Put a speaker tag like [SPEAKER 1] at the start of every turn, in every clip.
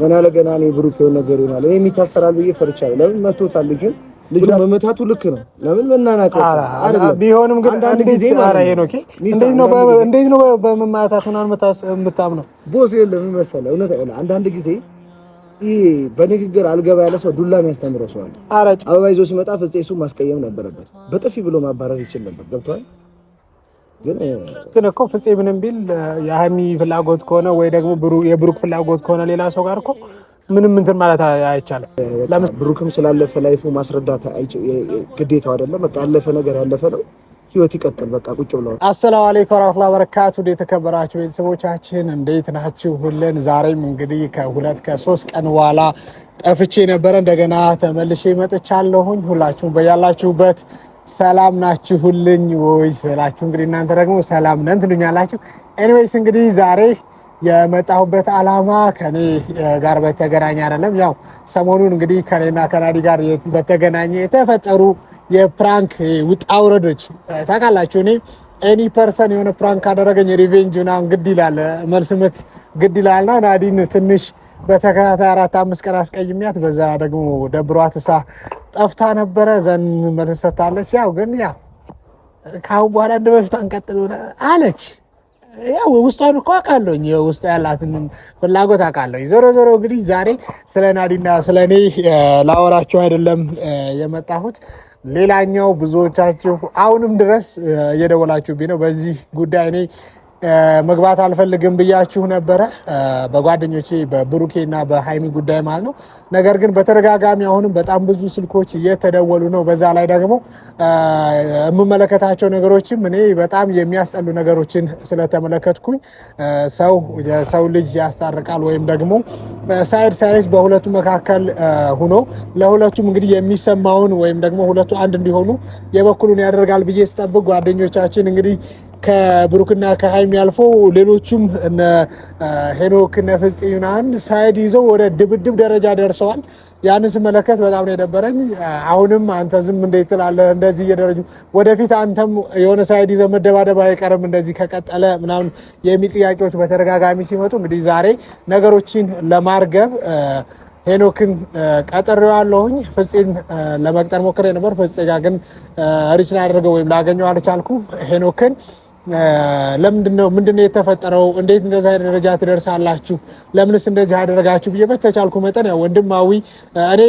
[SPEAKER 1] ገና ለገና ነው ብሩክ የሆነ ነገር ይሆናል። እኔ የሚታሰራል ብዬ ፈርቻለሁ። ለምን መቶታል ልጁን ልጁ በመታቱ ልክ ነው። ለምን መናናቅ
[SPEAKER 2] ቢሆንም ግን አንድ ጊዜ እንዴት ነው በመማታቱ የምታምነው?
[SPEAKER 1] ቦስ የለም መሰለህ። እውነት አንዳንድ ጊዜ ይህ በንግግር አልገባ ያለ ሰው ዱላ የሚያስተምረው አለ። አበባ ይዞ ሲመጣ ፍፄ እሱ ማስቀየም ነበረበት። በጥፊ ብሎ ማባረር ይችል ነበር። ገብቶሃል
[SPEAKER 2] ግን እኮ ፍፄ ምንም ቢል የሀሚ ፍላጎት ከሆነ ወይ ደግሞ የብሩክ ፍላጎት ከሆነ ሌላ ሰው ጋር እኮ ምንም እንትን ማለት
[SPEAKER 1] አይቻልም። ብሩክም ስላለፈ ላይፉ ማስረዳት ግዴታው አይደለም። በቃ ያለፈ ነገር ያለፈ ነው። ህይወት ይቀጥል። በቃ ቁጭ ብለው።
[SPEAKER 2] አሰላሙ አለይኩም ወራህመቱላሂ ወበረካቱ። የተከበራችሁ ቤተሰቦቻችን እንዴት ናችሁ? ሁለን ዛሬም እንግዲህ ከሁለት ከሶስት ቀን በኋላ ጠፍቼ ነበረ። እንደገና ተመልሼ መጥቻለሁኝ። ሁላችሁም በያላችሁበት ሰላም ናችሁልኝ ወይ ስላችሁ እንግዲህ እናንተ ደግሞ ሰላም ነን ትሉኛላችሁ። ኤኒዌይስ እንግዲህ ዛሬ የመጣሁበት ዓላማ ከኔ ጋር በተገናኘ አይደለም። ያው ሰሞኑን እንግዲህ ከኔና ከናዲ ጋር በተገናኘ የተፈጠሩ የፕራንክ ውጣ ውረዶች ታውቃላችሁ። እኔ ኤኒ ፐርሰን የሆነ ፕራንክ ካደረገኝ ሪቬንጅ ምናምን ግድ ይላል፣ መልስ ምት ግድ ይላል። ና ናዲን ትንሽ በተከታታይ አራት አምስት ቀን አስቀይሚያት በዛ ደግሞ ደብሯት እሳ ጠፍታ ነበረ ዘን መልሰታለች። ያው ግን ያው ከአሁን በኋላ እንደ በፊት አንቀጥል አለች። ያው ውስጧን እኮ አውቃለሁኝ፣ ውስጧ ያላትን ፍላጎት አውቃለሁኝ። ዞሮ ዞሮ እንግዲህ ዛሬ ስለ ናዲና ስለ እኔ ላወራችሁ አይደለም የመጣሁት። ሌላኛው ብዙዎቻችሁ አሁንም ድረስ እየደወላችሁብኝ ነው በዚህ ጉዳይ እኔ መግባት አልፈልግም ብያችሁ ነበረ በጓደኞቼ በብሩኬ እና በሀይሚ ጉዳይ ማለት ነው። ነገር ግን በተደጋጋሚ አሁንም በጣም ብዙ ስልኮች እየተደወሉ ነው። በዛ ላይ ደግሞ የምመለከታቸው ነገሮችም እኔ በጣም የሚያስጠሉ ነገሮችን ስለተመለከትኩኝ ሰው የሰው ልጅ ያስታርቃል ወይም ደግሞ ሳይድ ሳይስ በሁለቱ መካከል ሁኖ ለሁለቱም እንግዲህ የሚሰማውን ወይም ደግሞ ሁለቱ አንድ እንዲሆኑ የበኩሉን ያደርጋል ብዬ ስጠብቅ ጓደኞቻችን እንግዲህ ከብሩክና ከሀይሚ ያልፎ ሌሎቹም እነ ሄኖክ እነ ፍጽ ምናምን ሳይድ ይዘው ወደ ድብድብ ደረጃ ደርሰዋል። ያንን ስመለከት በጣም ነው የደበረኝ። አሁንም አንተ ዝም እንዴት ትላለህ? እንደዚህ እየደረጁ ወደፊት አንተም የሆነ ሳይድ ይዘህ መደባደብ አይቀርም እንደዚህ ከቀጠለ ምናምን የሚል ጥያቄዎች በተደጋጋሚ ሲመጡ እንግዲህ ዛሬ ነገሮችን ለማርገብ ሄኖክን ቀጥሬዋለሁኝ። ፍፄን ለመቅጠር ሞክሬ ነበር። ፍፄ ጋር ግን ሪችን አደረገው ወይም ላገኘው አልቻልኩም ሄኖክን ለምንድነው ነው የተፈጠረው? እንዴት እንደዚህ አይነት ደረጃ ትደርሳላችሁ? ለምንስ እንደዚህ አደረጋችሁ ብዬ በተቻልኩ መጠን ያው ወንድማዊ እኔ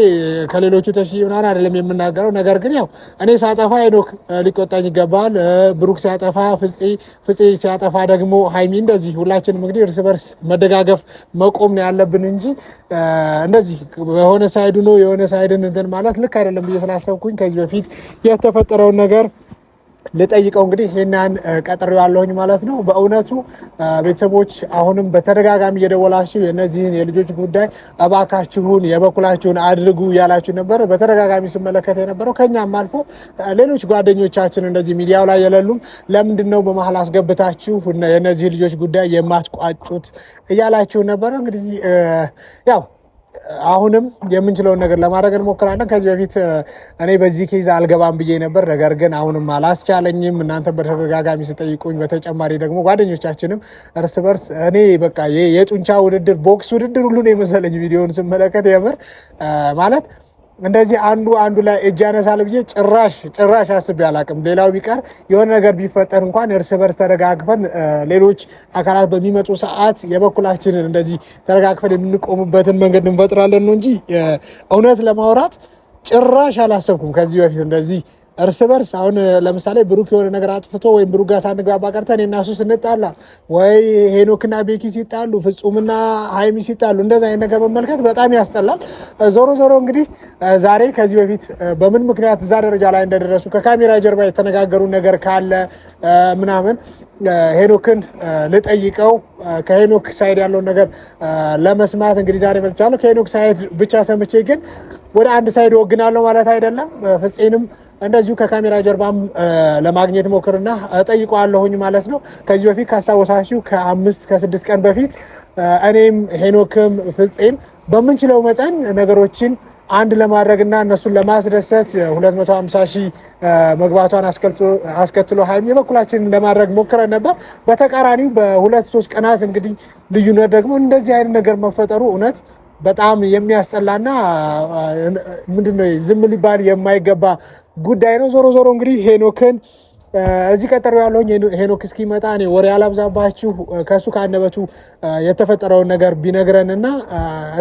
[SPEAKER 2] ከሌሎቹ ተሽዬ ምናምን አይደለም የምናገረው። ነገር ግን ያው እኔ ሳጠፋ ሄኖክ ሊቆጣኝ ይገባል። ብሩክ ሲያጠፋ ፍፄ፣ ፍፄ ሲያጠፋ ደግሞ ሀይሚ፣ እንደዚህ ሁላችንም እንግዲህ እርስ በርስ መደጋገፍ መቆም ነው ያለብን እንጂ እንደዚህ የሆነ ሳይዱ ነው የሆነ ሳይድን እንትን ማለት ልክ አይደለም ብዬ ስላሰብኩኝ ከዚህ በፊት የተፈጠረውን ነገር ልጠይቀው እንግዲህ ይሄናን ያለሁኝ ማለት ነው። በእውነቱ ቤተሰቦች አሁንም በተደጋጋሚ እየደወላችሁ የእነዚህን የልጆች ጉዳይ እባካችሁን የበኩላችሁን አድርጉ እያላችሁ ነበር። በተደጋጋሚ ስመለከት የነበረው ከኛም አልፎ ሌሎች ጓደኞቻችን እንደዚህ ሚዲያው ላይ የሌሉም ለምንድን ነው በመሀል አስገብታችሁ የነዚህ ልጆች ጉዳይ የማትቋጩት እያላችሁ ነበረ እንግዲህ ያው አሁንም የምንችለውን ነገር ለማድረግ እንሞክራለን። ከዚህ በፊት uh, እኔ በዚህ ኬዝ አልገባም ብዬ ነበር፣ ነገር ግን አሁንም አላስቻለኝም። እናንተ በተደጋጋሚ ስጠይቁኝ፣ በተጨማሪ ደግሞ ጓደኞቻችንም እርስ በርስ እኔ በቃ የጡንቻ ውድድር ቦክስ ውድድር ነው የመሰለኝ ቪዲዮን ስመለከት የምር uh, ማለት እንደዚህ አንዱ አንዱ ላይ እጅ ያነሳል ብዬ ጭራሽ ጭራሽ አስቤ አላቅም። ሌላው ቢቀር የሆነ ነገር ቢፈጠር እንኳን እርስ በርስ ተደጋግፈን ሌሎች አካላት በሚመጡ ሰዓት የበኩላችንን እንደዚህ ተደጋግፈን የምንቆሙበትን መንገድ እንፈጥራለን ነው እንጂ እውነት ለማውራት ጭራሽ አላሰብኩም ከዚህ በፊት እንደዚህ እርስ በርስ አሁን ለምሳሌ ብሩክ የሆነ ነገር አጥፍቶ ወይም ብሩክ ጋር ሳንግባባ ቀርተን እኔና እሱ ስንጣላ ወይ ሄኖክና ቤኪ ሲጣሉ፣ ፍጹምና ሀይሚ ሲጣሉ እንደዛ አይነት ነገር መመልከት በጣም ያስጠላል። ዞሮ ዞሮ እንግዲህ ዛሬ ከዚህ በፊት በምን ምክንያት እዛ ደረጃ ላይ እንደደረሱ ከካሜራ ጀርባ የተነጋገሩ ነገር ካለ ምናምን ሄኖክን ልጠይቀው ከሄኖክ ሳይድ ያለውን ነገር ለመስማት እንግዲህ ዛሬ መጥቻለሁ። ከሄኖክ ሳይድ ብቻ ሰምቼ ግን ወደ አንድ ሳይድ ወግናለሁ ማለት አይደለም። ፍጼንም እንደዚሁ ከካሜራ ጀርባም ለማግኘት ሞክርና ጠይቀዋለሁኝ ማለት ነው። ከዚህ በፊት ካስታወሳችሁ ከአምስት ከስድስት ቀን በፊት እኔም ሄኖክም ፍፄም በምንችለው መጠን ነገሮችን አንድ ለማድረግ እና እነሱን ለማስደሰት 250 ሺህ መግባቷን አስከትሎ ሀይሚ የበኩላችንን ለማድረግ ሞክረን ነበር። በተቃራኒው በሁለት ሶስት ቀናት እንግዲህ ልዩነት ደግሞ እንደዚህ አይነት ነገር መፈጠሩ እውነት በጣም የሚያስጠላና ምንድን ዝም ሊባል የማይገባ ጉዳይ ነው። ዞሮ ዞሮ እንግዲህ ሄኖክን እዚህ ቀጠሮ ያለውኝ ሄኖክ እስኪመጣ እኔ ወሬ አላብዛባችሁ። ከእሱ ከአንደበቱ የተፈጠረውን ነገር ቢነግረን እና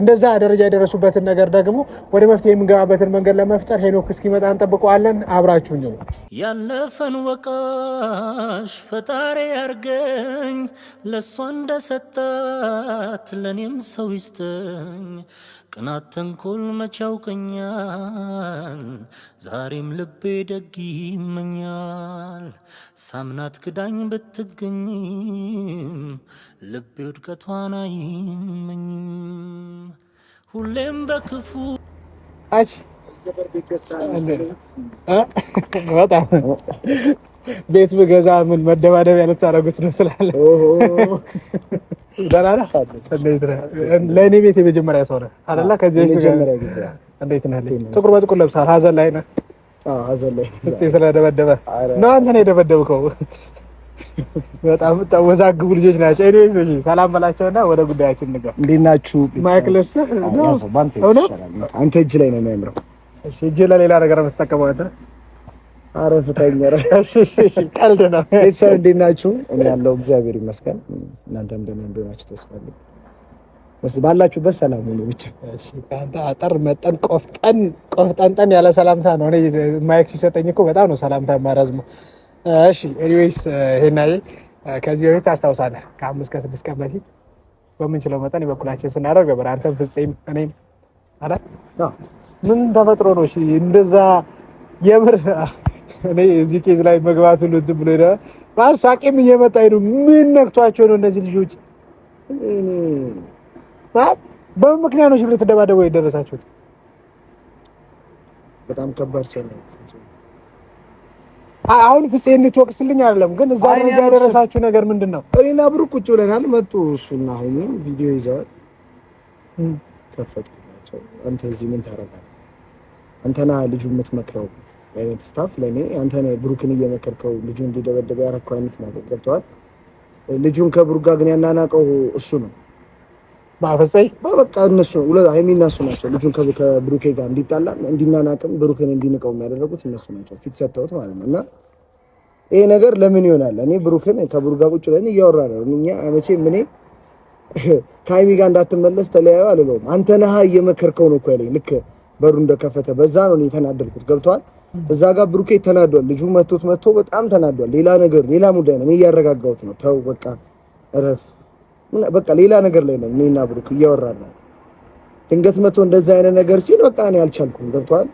[SPEAKER 2] እንደዛ ደረጃ የደረሱበትን ነገር ደግሞ ወደ መፍትሄ የምንገባበትን መንገድ ለመፍጠር ሄኖክ እስኪመጣ እንጠብቀዋለን። አብራችሁ ነው ያለፈን ወቃሽ ፈጣሪ ያርገኝ፣ ለእሷ እንደሰጣት ለእኔም ሰው ይስጠኝ። ቅናት ተንኮል መቻውቀኛል ዛሬም ልቤ ደግ ይመኛል። ሳምናት ክዳኝ ብትገኝም ልቤ ውድቀቷን አይመኝም። ሁሌም በክፉ በጣም ቤት ብገዛ ምን መደባደብ ያለት ነው ትላለህ ደህና ለእኔ ቤት የመጀመሪያ ሰው ነህ አይደለ? ከዚህ እንዴት ነህ? ጥቁር በጥቁር ለብሳል።
[SPEAKER 1] ሀዘን ላይ ነህ? ሀዘን ላይ
[SPEAKER 2] እስኪ ስለደበደበ ነው። አንተ ነው የደበደብከው። በጣም ወዛግቡ ልጆች ናቸው። ኤኒዌይስ ሰላም በላቸውና ወደ ጉዳያችን ንገ።
[SPEAKER 1] እንዴት ናችሁ? ማይክ አንተ እጅ ላይ ነው የሚያምረው።
[SPEAKER 2] እጅ ለሌላ ነገር ነው የምትጠቀመው አንተ አረፍተኛ ቀልድ ነው።
[SPEAKER 1] ቤተሰብ እንዴት ናችሁ? እኔ ያለው እግዚአብሔር ይመስገን። እናንተም ደህና እንደሆናችሁ ተስፋ አለኝ። ባላችሁበት ሰላም ሁኑ። ብቻ
[SPEAKER 2] አጠር መጠን ቆፍጠን ቆፍጠንጠን ያለ ሰላምታ ነው። እኔ ማይክ ሲሰጠኝ እኮ በጣም ነው ሰላምታ ማራዝመው። እሺ ኤኒዌይስ ሄናዬ ከዚህ በፊት ታስታውሳለህ፣ ከአምስት ከስድስት ቀን በፊት በምንችለው መጠን የበኩላችን ስናደርግ ነበር። አንተ ፍፄም እኔም አላ ምን ተፈጥሮ ነው እንደዛ የምር እኔ እዚህ ኬዝ ላይ መግባት ሁሉ እንትን ብሎ ሄደ። ማሳቂም እየመጣ ሄዱ። ምን ነክቷቸው ነው እነዚህ ልጆች? በምን ምክንያት ነው ሽብር ትደባደቡ የደረሳችሁት?
[SPEAKER 1] በጣም ከባድ ሰው ነው።
[SPEAKER 2] አሁን ፍፄ እንድትወቅስልኝ አይደለም፣ ግን እዛ ያደረሳችሁ ነገር ምንድን ነው?
[SPEAKER 1] እኔና ብሩክ ቁጭ ብለናል። መጡ እሱና ሀይሚ ቪዲዮ ይዘዋል። ከፈትኩላቸው። አንተ እዚህ ምን ታረጋለህ? አንተና ልጁ የምትመክረው አይነት ስታፍ ለእኔ አንተ ብሩክን እየመከርከው ልጁ እንዲደበደበ ያረከው አይነት ነገር ገብተዋል። ልጁን ከብሩክ ጋር ግን ያናናቀው እሱ ነው። በአፈሳይ በቃ እነሱ ሀይሚ እሱ ናቸው ልጁን ከብሩኬ ጋር እንዲጣላ እንዲናናቅም ብሩክን እንዲንቀው የሚያደረጉት እነሱ ናቸው፣ ፊት ሰጥተውት ማለት ነው። እና ይሄ ነገር ለምን ይሆናል? እኔ ብሩክን ከብሩክ ጋር ቁጭ ብለን እያወራ ነው። እኛ መቼም ምኔ ከሀይሚ ጋር እንዳትመለስ ተለያዩ አልለውም። አንተ ነህ እየመከርከው ነው እኮ ያለኝ ልክ በሩ እንደከፈተ በዛ ነው የተናደድኩት። ገብተዋል እዛ ጋር ብሩኬ ተናዷል። ልጁ መቶት መቶ በጣም ተናዷል። ሌላ ነገር ሌላ ሙዳይ ነው። እኔ እያረጋጋሁት ነው። ተው በቃ እረፍ። በቃ ሌላ ነገር ላይ ነው እኔና ብሩክ እያወራን ነው። ድንገት መቶ እንደዛ አይነት ነገር ሲል በቃ እኔ አልቻልኩም። ገብቶሃል?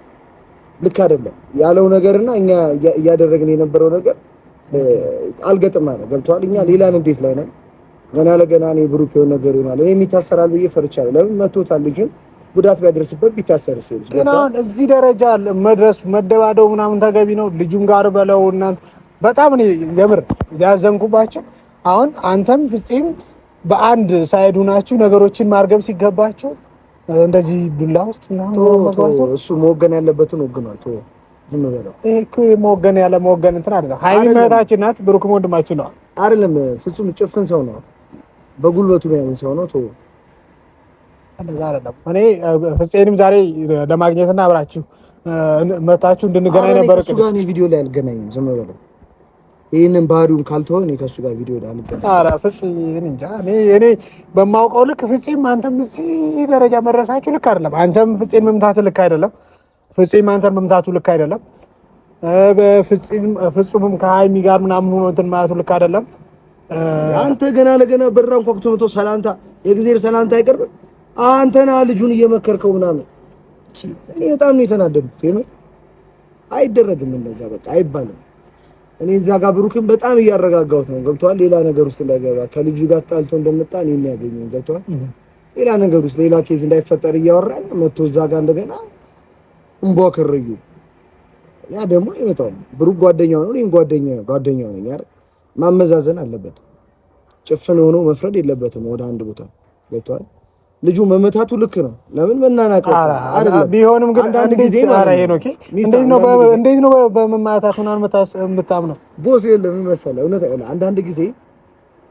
[SPEAKER 1] ልክ አይደለም ያለው ነገርና እኛ እያደረግን የነበረው ነገር አልገጥማ ነው። ገብቶሃል? እኛ ሌላን እንዴት ላይ ነን? ገና ለገና እኔ ብሩክ የሆነ ነገር ይሆናል እኔ የሚታሰራል ብዬ ፈርቻለሁ። ለምን መቶታል ልጁን ጉዳት ቢያደርስበት ቢታሰር ሲል
[SPEAKER 2] ግን አሁን እዚህ ደረጃ መድረሱ መደባደቡ ምናምን ተገቢ ነው። ልጁን ጋር በለው እናንተ በጣም እኔ የምር ያዘንኩባቸው አሁን አንተም ፍፄም በአንድ ሳይዱ ናችሁ። ነገሮችን ማርገብ ሲገባችሁ እንደዚህ ዱላ ውስጥ
[SPEAKER 1] ምናምን እሱ መወገን ያለበትን ወግኗል። ዝም በለው።
[SPEAKER 2] ይሄ መወገን ያለ መወገን እንትን አይደለም። ሀይሚ እህታችን ናት፣ ብሩክም ወንድማችን ነው
[SPEAKER 1] አይደለም። ፍጹም ጭፍን ሰው ነው፣ በጉልበቱ የሚያምን ሰው ነው።
[SPEAKER 2] እንደዛ አይደለም። እኔ ፍፄንም ዛሬ ለማግኘትና አብራችሁ መታችሁ እንድንገናኝ ነበር።
[SPEAKER 1] ከሱ ጋር እኔ ቪዲዮ ላይ አልገናኝም። ዝም በለው ይህንን ባህሪውን ካልተሆን እኔ ከሱ ጋር ቪዲዮ ላይ
[SPEAKER 2] እኔ በማውቀው ልክ ፍፄም አንተም እዚህ ደረጃ መድረሳችሁ ልክ አይደለም። አንተም ፍፄን መምታት ልክ አይደለም። ፍፄም አንተን መምታቱ ልክ አይደለም። ፍጹምም ከሀይሚ ጋር ምናምን ሆኖ እንትን ማለቱ ልክ አይደለም።
[SPEAKER 1] አንተ ገና ለገና በራን ኮክቶ መቶ ሰላምታ የጊዜር ሰላምታ አይቀርብም አንተና ልጁን እየመከርከው ምናምን። እኔ በጣም ነው የተናደድኩት። የምር አይደረግም እንደዛ በቃ አይባልም። እኔ እዛ ጋር ብሩክን በጣም እያረጋጋሁት ነው። ገብቷል። ሌላ ነገር ውስጥ እንዳይገባ ከልጁ ጋር ጣልቶ እንደመጣ እኔ የሚያገኘው ገብቷል። ሌላ ነገር ውስጥ ሌላ ኬዝ እንዳይፈጠር እያወራን መቶ እዛ ጋር እንደገና እንቧከረዩ ከረዩ ያ ደግሞ አይመጣውም። ብሩክ ጓደኛው ነው፣ እኔም ጓደኛ ጓደኛው ነኝ። ማመዛዘን አለበት። ጭፍን ሆኖ መፍረድ የለበትም። ወደ አንድ ቦታ ገብቷል። ልጁ መመታቱ ልክ ነው። ለምን መናናቀው
[SPEAKER 2] ቢሆንም ግን አንዳንድ ጊዜ እንዴት ነው በመማታት ምናምን ነው
[SPEAKER 1] ቦስ የለም መሰለህ። እውነት አንዳንድ ጊዜ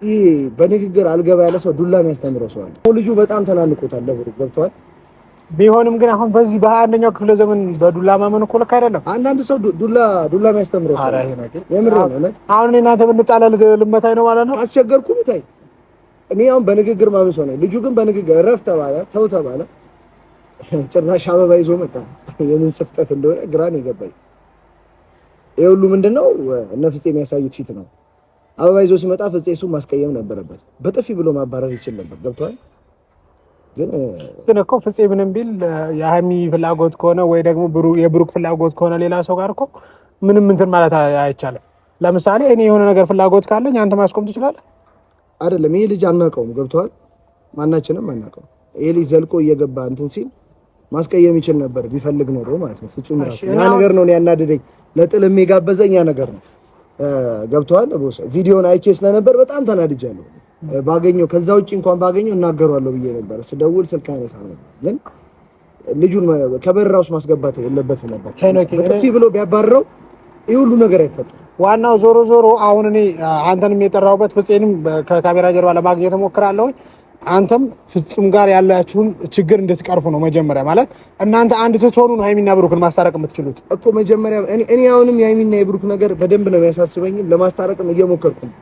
[SPEAKER 1] ይህ በንግግር አልገባ ያለ ሰው ዱላ የሚያስተምረው ሰው አለ። ልጁ በጣም ተናንቆታል፣ ለብሩ ገብቷል።
[SPEAKER 2] ቢሆንም ግን አሁን በዚህ በሀያ አንደኛው ክፍለ ዘመን በዱላ ማመን እኮ ልክ አይደለም።
[SPEAKER 1] አንዳንድ ሰው ዱላ ዱላ የሚያስተምረው ሰው ነው። የምር
[SPEAKER 2] አሁን እናንተ ብንጣላ ልመታኝ ነው ማለት ነው።
[SPEAKER 1] አስቸገርኩም ታይ እኔ አሁን በንግግር ማመን ሰው ነኝ። ልጁ ግን በንግግር እረፍ ተባለ፣ ተው ተባለ፣ ጭራሽ አበባ ይዞ መጣ። የምን ስፍጠት እንደሆነ ግራን የገባኝ ይህ ሁሉ ምንድን ነው? እነ ፍፄ የሚያሳዩት ፊት ነው። አበባ ይዞ ሲመጣ ፍፄ እሱ ማስቀየም ነበረበት። በጥፊ ብሎ ማባረር ይችል ነበር። ገብቷል።
[SPEAKER 2] ግን እኮ ፍፄ ምንም ቢል የሀሚ ፍላጎት ከሆነ ወይ ደግሞ የብሩክ ፍላጎት ከሆነ ሌላ ሰው ጋር እኮ ምንም እንትን ማለት አይቻልም። ለምሳሌ እኔ የሆነ ነገር ፍላጎት ካለኝ አንተ ማስቆም ትችላለህ
[SPEAKER 1] አይደለም። ይሄ ልጅ አናውቀውም፣ ገብተዋል። ማናችንም አናውቀውም። ይሄ ልጅ ዘልቆ እየገባ እንትን ሲል ማስቀየም ይችል ነበር ቢፈልግ ኖሮ ማለት ነው። ፍጹም ራሱ ያ ነገር ነው ያናደደኝ፣ ለጥል የሚጋበዘኝ ያ ነገር ነው። ገብተዋል። ቪዲዮን አይቼ ስለነበር በጣም ተናድጃለሁ። ባገኘው ከዛ ውጭ እንኳን ባገኘው እናገሯለሁ ብዬ ነበር። ስደውል ስልክ አይነሳ ነው ግን ልጁን ከበረራ ውስጥ ማስገባት የለበትም ነበር። በጥፊ ብሎ ቢያባረረው ይህ ሁሉ ነገር አይፈጠርም።
[SPEAKER 2] ዋናው ዞሮ ዞሮ አሁን እኔ አንተንም የጠራሁበት ፍፄንም ከካሜራ ጀርባ ለማግኘት እሞክራለሁኝ። አንተም ፍጹም ጋር ያላችሁን ችግር እንድትቀርፉ ነው። መጀመሪያ ማለት እናንተ አንድ ስትሆኑ ነው ሀይሚና ብሩክን ማስታረቅ የምትችሉት
[SPEAKER 1] እኮ። መጀመሪያ እኔ አሁንም የሀይሚና የብሩክ ነገር በደንብ ነው የሚያሳስበኝም፣ ለማስታረቅም እየሞከርኩ ነው።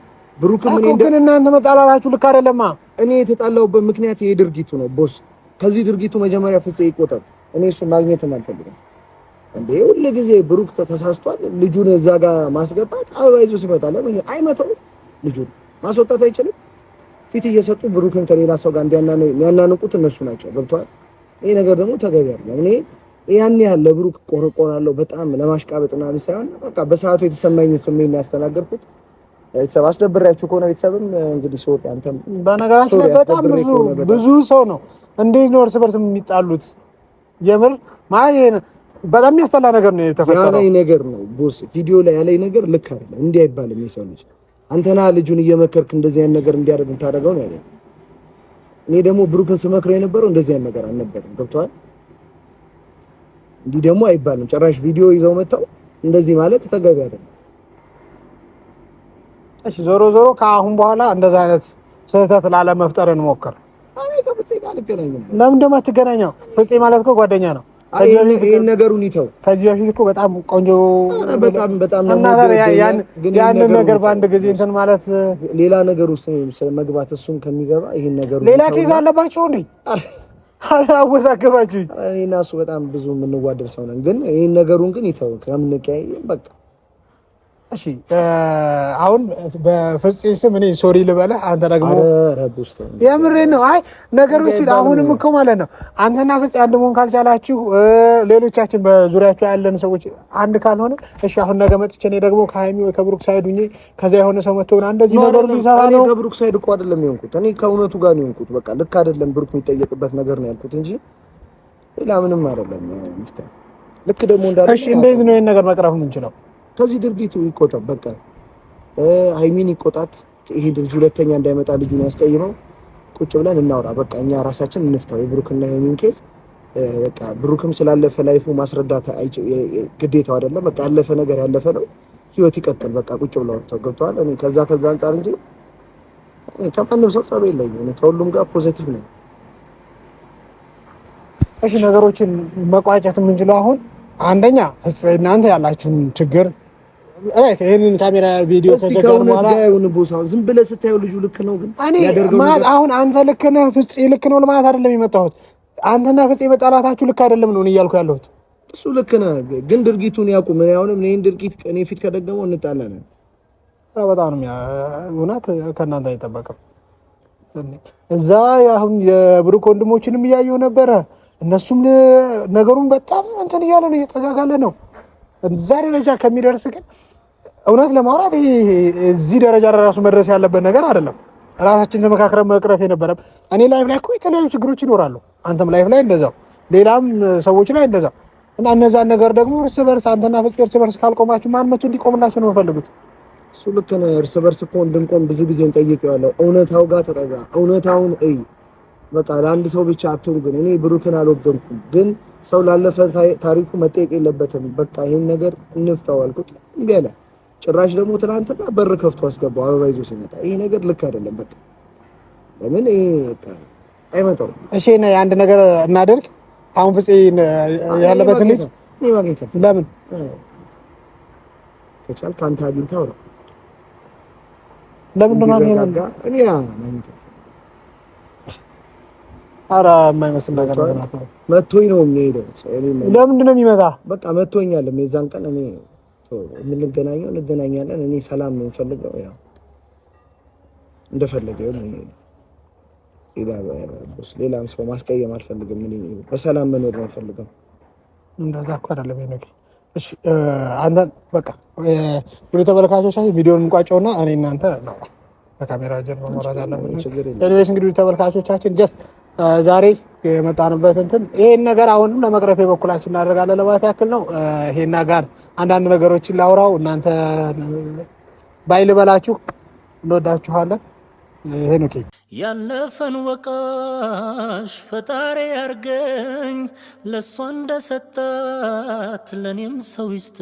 [SPEAKER 1] ብሩክም እኔ
[SPEAKER 2] ግን እናንተ መጣላላችሁ ልክ አይደለማ።
[SPEAKER 1] እኔ የተጣላሁበት ምክንያት ይሄ ድርጊቱ ነው ቦስ። ከዚህ ድርጊቱ መጀመሪያ ፍፄ ይቆጠብ። እኔ እሱን ማግኘትም አልፈልግም። እንዴ ሁሉ ጊዜ ብሩክ ተሳስቷል። ልጁን እዛ ጋር ማስገባት አበባ ይዞ ሲመጣ ለምን አይመተው? ልጁን ማስወጣት አይችልም። ፊት እየሰጡ ብሩክን ከሌላ ሰው ጋር የሚያናንቁት እነሱ ናቸው። ገብቷል። ይሄ ነገር ደግሞ ተገቢ አይደለም። እኔ ያን ያህል ለብሩክ ቆርቆራለሁ በጣም ለማሽቃበጥ ምናምን ሳይሆን በቃ በሰዓቱ የተሰማኝ ስሜት ያስተናገርኩት።
[SPEAKER 2] ቤተሰብ አስደብሬያችሁ ከሆነ ቤተሰብም እንግዲህ ሰው ያንተም በነገራችን ላይ በጣም ብዙ ብዙ ሰው ነው እንዴት ነው እርስ በርስ የሚጣሉት? የምር ማለት በጣም የሚያስጠላ ነገር ነው የተፈጠረው።
[SPEAKER 1] ያለኝ ነገር ነው ቦስ፣ ቪዲዮ ላይ ያለኝ ነገር ልክ አይደለም። እንዲህ አይባልም። የሰው ልጅ አንተና ልጁን እየመከርክ እንደዚህ አይነት ነገር እንዲያደርግ ታደርገው ነው ያለኝ። እኔ ደግሞ ብሩክን ስመክረው የነበረው እንደዚህ አይነት ነገር አልነበረም። ገብቶሃል? እንዲህ ደግሞ አይባልም። ጭራሽ ቪዲዮ ይዘው መጥተው እንደዚህ ማለት ተገቢ አይደለም።
[SPEAKER 2] እሺ፣ ዞሮ ዞሮ ከአሁን በኋላ እንደዚህ አይነት ስህተት ላለመፍጠር እንሞክር። ለምን ደግሞ አትገናኘው? ፍፄ ማለት እኮ ጓደኛ ነው
[SPEAKER 1] ይሄን ነገሩን ይተው።
[SPEAKER 2] ከዚህ በፊት እኮ በጣም ቆንጆ በጣም በጣም ነገር በአንድ ጊዜ እንትን ማለት
[SPEAKER 1] ሌላ ነገር ውስጥ እሱን ከሚገባ
[SPEAKER 2] ይሄን ሌላ ኬዝ እንዴ?
[SPEAKER 1] እሱ በጣም ብዙ የምንዋደድ ሰው ነን፣ ግን ይሄን ነገሩን ግን ይተው ከምንቀያየም በቃ
[SPEAKER 2] እሺ አሁን በፍፄ ስም እኔ ሶሪ ልበለህ። አንተ ደግሞ የምሬን ነው። አይ ነገሮች አሁንም እኮ ማለት ነው አንተና ፍፄ አንድ መሆን ካልቻላችሁ፣ ሌሎቻችን በዙሪያችሁ ያለን ሰዎች አንድ ካልሆነ እሺ፣ አሁን ነገ መጥቼ እኔ ደግሞ ከሀይሚ ወይ ከብሩክ ሳይድ ሁኜ ከዚያ የሆነ ሰው መጥቶ ምናምን እንደዚህ
[SPEAKER 1] ነገር ሊሰራ ነው። ከብሩክ ሳይድ እኮ አይደለም የሆንኩት እኔ ከእውነቱ ጋር ነው የሆንኩት። በቃ ልክ አይደለም ብሩክ የሚጠየቅበት ነገር ነው ያልኩት እንጂ ሌላ ምንም አይደለም።
[SPEAKER 2] ልክ ደግሞ እንዳ እንዴት ነው ይህን ነገር መቅረፍ የምንችለው?
[SPEAKER 1] ከዚህ ድርጊቱ ይቆጠብ። በቃ ሀይሚን ይቆጣት። ይሄ ድርጅ ሁለተኛ እንዳይመጣ ልጁን ያስቀይመው። ቁጭ ብለን እናውራ። በቃ እኛ ራሳችን እንፍታው የብሩክና ሀይሚን ኬዝ። በቃ ብሩክም ስላለፈ ላይፉ ማስረዳት ግዴታው አይደለም። በቃ ያለፈ ነገር ያለፈ ነው። ህይወት ይቀጥል። በቃ ቁጭ ብለው ገብተዋል። እኔ ከዛ ከዛ አንጻር እንጂ ከማንም ሰው ጸብ የለኝም። ከሁሉም ጋር ፖዘቲቭ ነው።
[SPEAKER 2] እሺ ነገሮችን መቋጨት የምንችለው አሁን አንደኛ እናንተ ያላችሁን ችግር ይሄንን ካሜራ ቪዲዮ
[SPEAKER 1] ከዘጋን ዝም ብለህ ስታየው ልጁ ልክ ነው። ግን
[SPEAKER 2] አሁን አንተ ልክ ነህ፣ ፍፄ ልክ ነው ለማለት አይደለም የመጣሁት። አንተና ፍፄ መጣላታችሁ ልክ አይደለም ነው እያልኩ ያለሁት።
[SPEAKER 1] እሱ ልክ ነህ፣ ግን ድርጊቱን ያቁም። አሁንም ይህን ድርጊት እኔ ፊት ከደገመው እንጣላለን።
[SPEAKER 2] በጣም እውነት ከእናንተ አይጠበቅም። እዛ አሁን የብሩክ ወንድሞችንም እያየሁ ነበረ። እነሱም ነገሩን በጣም እንትን እያለ ነው፣ እየተጋጋለ ነው። ዛሬ ደረጃ ከሚደርስ ግን እውነት ለማውራት ይሄ እዚህ ደረጃ ለራሱ መድረስ ያለበት ነገር አይደለም። ራሳችን ተመካክረን መቅረፍ የነበረ እኔ ላይፍ ላይ እኮ የተለያዩ ችግሮች ይኖራሉ። አንተም ላይፍ ላይ እንደዛው፣ ሌላም ሰዎች ላይ እንደዛው እና እነዛን ነገር ደግሞ እርስ በርስ አንተና ፍጽ እርስ በርስ ካልቆማችሁ ማን መቶ እንዲቆምላችሁ ነው የምፈልጉት?
[SPEAKER 1] እሱ ልክ ነህ። እርስ በርስ እኮ እንድንቆም ብዙ ጊዜ እንጠይቀዋለሁ። እውነታው ጋር ተጠጋ፣ እውነታውን እይ። በቃ ለአንድ ሰው ብቻ አትሆን። ግን እኔ ብሩክን አልወገንኩም፣ ግን ሰው ላለፈ ታሪኩ መጠየቅ የለበትም። በቃ ይህን ነገር እንፍታው አልኩት፣ እምቢ አለ። ጭራሽ ደግሞ ትናንትና በር ከፍቶ አስገባው አበባ ይዞ ሲመጣ። ይሄ ነገር ልክ አይደለም። በቃ ለምን ይሄ አይመጣው?
[SPEAKER 2] እሺ ነ አንድ ነገር እናደርግ። አሁን ፍፄ ያለበት ልጅ ለምን
[SPEAKER 1] ከቻል አንተ አግኝተኸው ነው።
[SPEAKER 2] ለምን ነው እኔ ያ ኧረ የማይመስል ነገር ነው።
[SPEAKER 1] መቶኝ ነው የሚሄደው።
[SPEAKER 2] ለምንድን ነው የሚመጣ?
[SPEAKER 1] በቃ መቶኛል የዛን ቀን እኔ የምንገናኘው እንገናኛለን። እኔ ሰላም ነው የምፈልገው። ያው እንደፈለገው ሌላም ሰው ማስቀየም አልፈልግም። በሰላም መኖር ነው ፈልገው።
[SPEAKER 2] እንደዛ እኮ አይደለም ይነግ አንተ በቃ ሁሉ ተመልካቾቻችን ቪዲዮን እንቋጨውና እኔ እናንተ ነው በካሜራ ጀርባ መውራት አለብን። ኤኒዌይስ እንግዲህ ተመልካቾቻችን ጀስት ዛሬ የመጣንበት እንትን ይሄን ነገር አሁንም ለመቅረፍ የበኩላችን እናደርጋለን ለማለት ያክል ነው። ይሄና ጋር አንዳንድ ነገሮችን ላውራው እናንተ ባይልበላችሁ እንወዳችኋለን። ሄኖኬ ያለፈን ወቃሽ ፈጣሪ አርገኝ ለእሷ እንደሰጣት ለእኔም ሰው ይስጥ።